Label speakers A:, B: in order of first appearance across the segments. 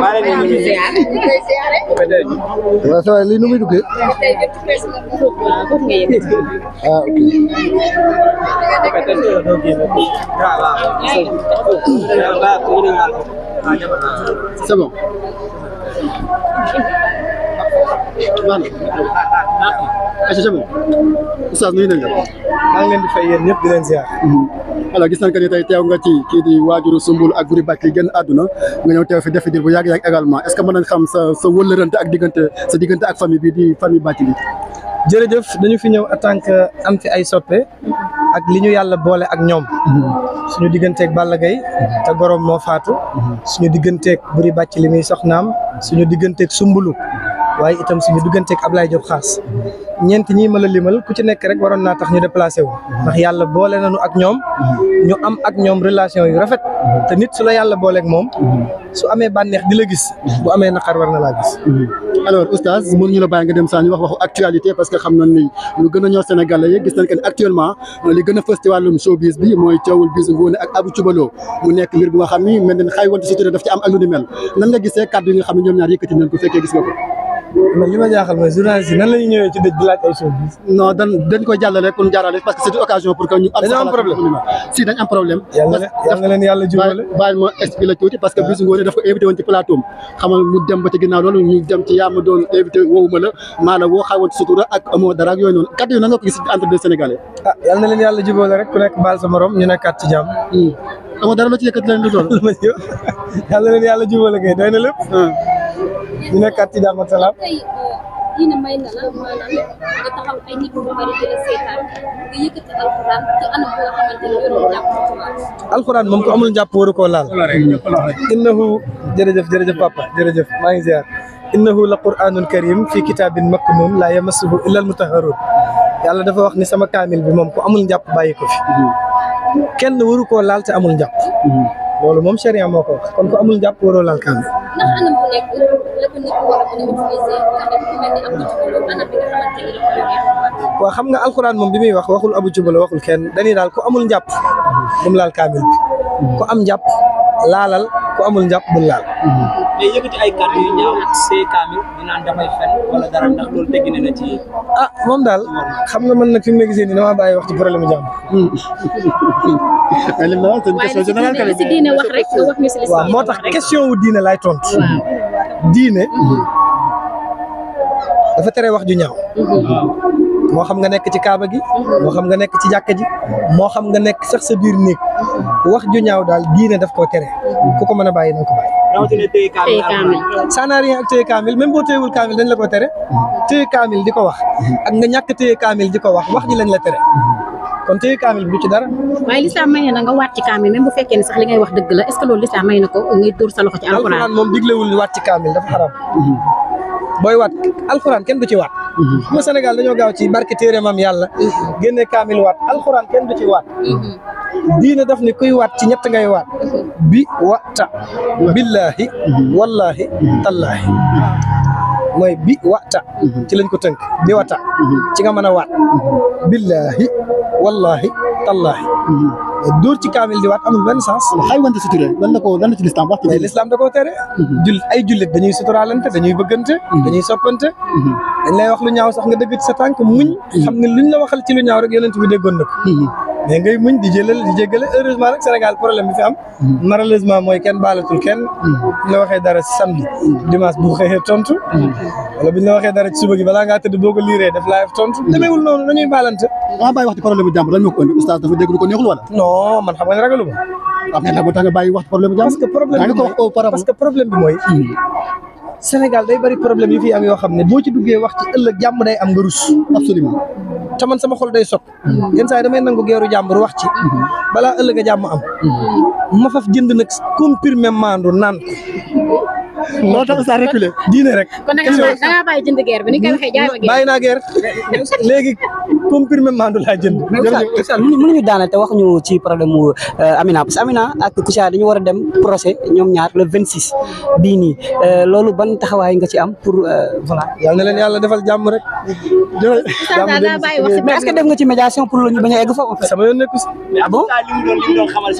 A: maa ngi leen di ziar. waaw ça va lii nu muy duggee. ah ok. c'est bon. baax na. nuyu nañ la. maa ngi leen di fay yéen ñëpp di leen ziar. alors gis nañ que ni tey teew nga ci kii di waajuru Sumbul ak Goury Bàcc yi génn àdduna nga ñëw teew fi def diir bu yàgg yàgg également est ce que mën xam sa sa wëllërante ak diggante sa diggante ak famille bi di famille Bàcc bi. jërëjëf dañu fi ñëw en tant que am fi ay soppe ak li ñu yàlla boole ak ñoom
B: suñu digganteeg Balla Gaye te gorom moo faatu suñu digganteeg Goury Bàcc li muy soxnaam suñu digganteeg Sumbulu waaye itam suñu digganteeg Ablaye Diop xaas ñeent ñii ma la limal ku ci nekk rek waroon naa tax ñu déplacé wu ndax yàlla boole nañu ak ñoom ñu am ak ñoom relation yi rafet te nit su la yàlla booleeg moom su amee bànneex di la gis
A: bu amee naqar war na laa gis alors oustaz mënuñu la bàyyi nga dem ñu wax a ñoo Sénégalais yi gis nañ que actuellement li gën a fës ci wàllum showbiz bi mooy coowul bis Ngoné ak Abou Thioubalo mu nekk mbir bu nga xam ni mel na xay wante si turé daf ci am ak mel nan nga gisee kàddu man nan la ñëwee ci dëj di laaj ay choses. dañ koy jàllale parce que c'est une pour que am problème si dañ am problème. yal na rek ku nekk baal ñu nekkaat
B: ci jàmm. Hmm. amoo dara loo ci yëkkati leen lu doon. yal na kay doy na lépp hmm. ñu nekk at Tidjama Salam. Euh, diine may na la la seetaan nga yëkkati alxuraan te anam boo xamante ne ko amul njàpp waru koo laal. innahu jërëjëf jërëjëf papa jërëjëf maa ngi ziar. innahu la quraanun karim fi kitaabin maknun laa yamassuhu illa almutahharun yàlla dafa wax ni sama kaamil bi moom ko amul njàpp bàyyi ko fi. kenn waru koo laal te amul njàpp. Mm-hmm. loolu moom sharia moo ko wax kon ko amul njàpp waroo laal kaamil. la xam nga xamante ni moom bi muy wax waxul Abdou Diouf la waxul kenn dañuy daal ku amul njàpp bu mu laal kaamil bi ku am njàpp laalal ku amul njàpp bul laal. mais yëkkati ay ci. ah moom daal xam nga man na fi mu ne gisee nii damaa bàyyi ci problème mu jàmm. waaye nag si moo tax question wu diine laay tontu. diine mhm. dafa tere wax ju ñaaw mhm. moo xam nga nekk ci kaaba gi mhm. moo xam nga nekk ci jàkka ji moo xam nga nekk sax sa biir néeg wax ju ñaaw daal diine daf koo tere ku ko mën a bàyyi na ko bàyyi rawatina téye kaamil ak téye kaamil même boo teewul kaamil dañ la ko tere téye kaamil di ko wax ak nga ñàkk téye kaamil di ko wax wax ji lañ la tere kon téye kaamil bi du ci dara. waaye lislaam may na nga waat ci kaamil même bu fekkee ne sax li ngay wax dëgg la est ce loolu lislaam may na ko ngay tuur sa loxo ci alxuraan. alxuraan moom diglewul ni waat ci kaamil dafa xaram. Mhm. booy waat alxuraan kenn du ci waat. Mhm. bu Sénégal dañoo gaaw ci barke téere maam yàlla. génne kaamil waat alxuraan kenn ci waat. Mhm. diina daf ne kuy waat ci ñett ngay waat. bi waata. billaahi. wallaahi. tallaahi. mooy bi wata mhm. ci lañ ko tënk bi wata mhm. ci nga mën a waat mhm. billahi wallahi tallahi dóor ci kaamil di waat amul benn sens xay wante suturé lan la ko lan la ci lislaam wax ci lislaam da koo tere jul ay jullit dañuy suturaalante dañuy bëggante dañuy soppante dañ lay wax lu ñaaw sax nga dëgg ci sa tànk muñ xam ne luñ la waxal ci lu ñaaw rek yonent bi déggoon na ko mais ngay muñ di jëlal di jéggale heureusement nag Sénégal problème bi fi am mm-hmm. malheureusement mooy kenn baalatul kenn la mm-hmm. waxee dara samedi mm-hmm. dimanche bu xëyee tontu wala bu ñu la dara ci suba gi balaa ngaa tëdd boo ko liiree daf laa def
A: tontu demeewul noonu dañuy baalante maa bàyyi wax ci problème bu jàmbur lan moo ko indi oustaz dafa dégg lu ko neexul wala non man xam nga ne ragalu ma am na moo tax nga bàyyi wax problème bu bi mooy
B: Sénégal day bari problème yi fi am yoo xam ne boo ci duggee wax ci ëllëg jàmm day am nga rus te man sama xol day sot yenn saa yi damay nangu geeru jàmbur wax ci balaa ëllëg a jàmm am mm-hmm. ma faf jënd nag comprimé maandu naan ko
A: moo tax ça reculé
B: diine rek. da ngaa bàyyi jënd guerre bi ni koy waxee jaay ma guerre. bàyyi naa guerre léegi comprimé mandu laa jënd. jërëjëf mënuñu daana te waxuñu ci problème mu euh, Amina parce que Amina ak Kouthia dañu euh, ban taxawaay nga ci am pour euh, defal jàmm rek. jàmm que def nga ci médiation pour ñu bañ a egg foofu. sama yoon nekku si. ah bon li mu doon li mu doon xamal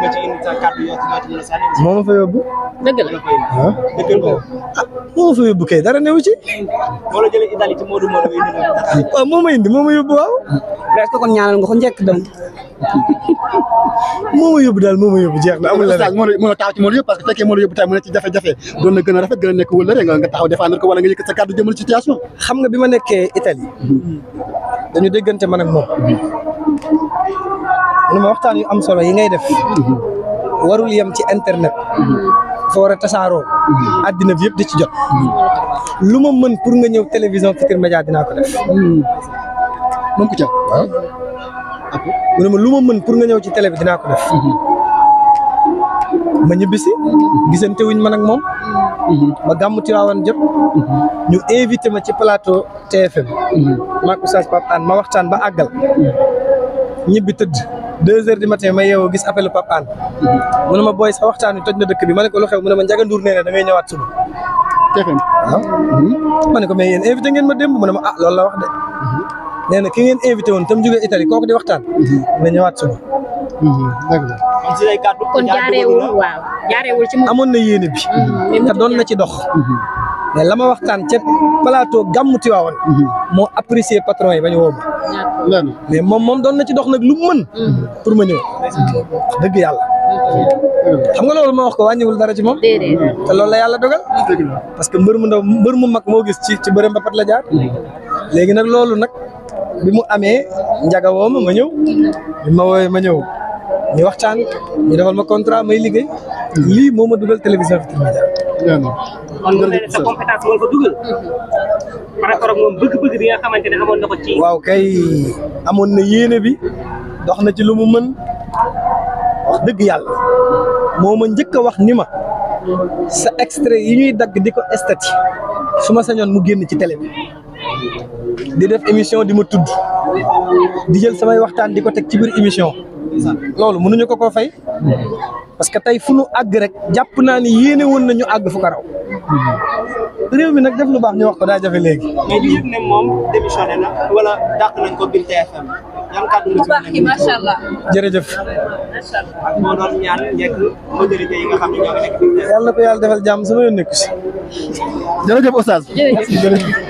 B: nga ci indi moo ma fa yóbbu. dëgg la ah. moo fa yóbbu kay dara newu ci. waaw moo ma indi moo ma yóbbu waaw. est-ce que kon ñaanal nga ko njëkk doon.
A: moo ma yóbbu daal moo ma yóbbu jeex na amul leneen moo moo taxaw ci moo la yóbbu parce que fekkee moo la yóbbu tey mu ne ci jafe-jafe doon na gën a rafet gën a nekk wëllëre nga taxaw défendre ko wala nga yëkkat sa kàddu bi ma nekkee Italie. dañu déggante man ak
B: moom. Mhm. lu ma waxtaan yu am solo yi ngay def. Mhm. warul yem ci internet dafa war a tasaaroo mhm. addina bi yëpp di ci jot lu ma mën nga ñëw télévision Futurs Médias dinaa ko def mhm. moom ku ca waaw ma lu ma mën pour nga ñëw ci télé bi ko def mhm. ma ñibbisi gisante wuñ ma ak moom ma gàmmu Tiwaawan jot ñu invité ma ci plateau TFM maak Oustaz Pape Hann ma waxtaan ba àggal ñibbi tëdd deux heures du matin ma yeewoo gis appelu Pape Hann mu ma booy sa waxtaan wi toj na dëkk bi ma ne ko lu xew mu ma Ndiaga Ndour nee na da ngay suba
A: TFM ah, mhm.
B: ma ne ko mais yéen ngeen ma démb mu ne ma ah loolu la wax de mhm. ki ngeen invité woon tam jógee Italie kooku di waxtaan mhm. na ñëwaat suba kon jaareewul waaw jaareewul ci moom amoon na yéene bi te doon na ci dox mais la ma waxtaan ca plateau gàmmu Tiwaawan moo apprécier patron yi ba ñu mais moom moom doon na ci dox nag lu mën mm-hmm. pour ma ñëw dëgg yàlla xam nga loolu ma wax ko wàññiwul dara ci moom te loolu la yàlla dogal parce que mbër mu ndaw mbër mu mag moo gis ci ci bërëm ba pat la jaar mm-hmm. léegi nag loolu nag bi mu amee njaga woo ma ma ñëw
A: mm-hmm.
B: ma woowee ma ñëw wax waxtaan ñu defal ma contrat may liggéey li moo ma dugal télévision Futurs Médias accord moom bëgg-bëgg bi nga xamante ne na ko ci. waaw kay amoon na yéene bi dox na ci lu mu mën wax dëgg yàlla moo ma njëkk a wax ni ma sa extrait yi ñuy dagg di ko estati su ma sañoon mu génn ci télé bi. di def émission di ma tudd di jël samay waxtaan di ko teg ci bir émission loolu mënuñu ko ko fay parce que tay fu nu àgg rek japp na ni yene won nañu ag fu karaw raw réew mi nak def lu baax ñu wax ko da jafé légui mais ñu yëg né mom démissioné na wala dakk nañ ko bir TFM yan kàddu lu ci yi ma sha allah. ma sha allah ak moo doon ñaan nekk modalité yi nga xamni ñoo nek nekk. yàlla na ko yalla defal jàmm sama yonne ko ci si. jërëjëf Oustaz.
A: jërëjëf jërëjëf.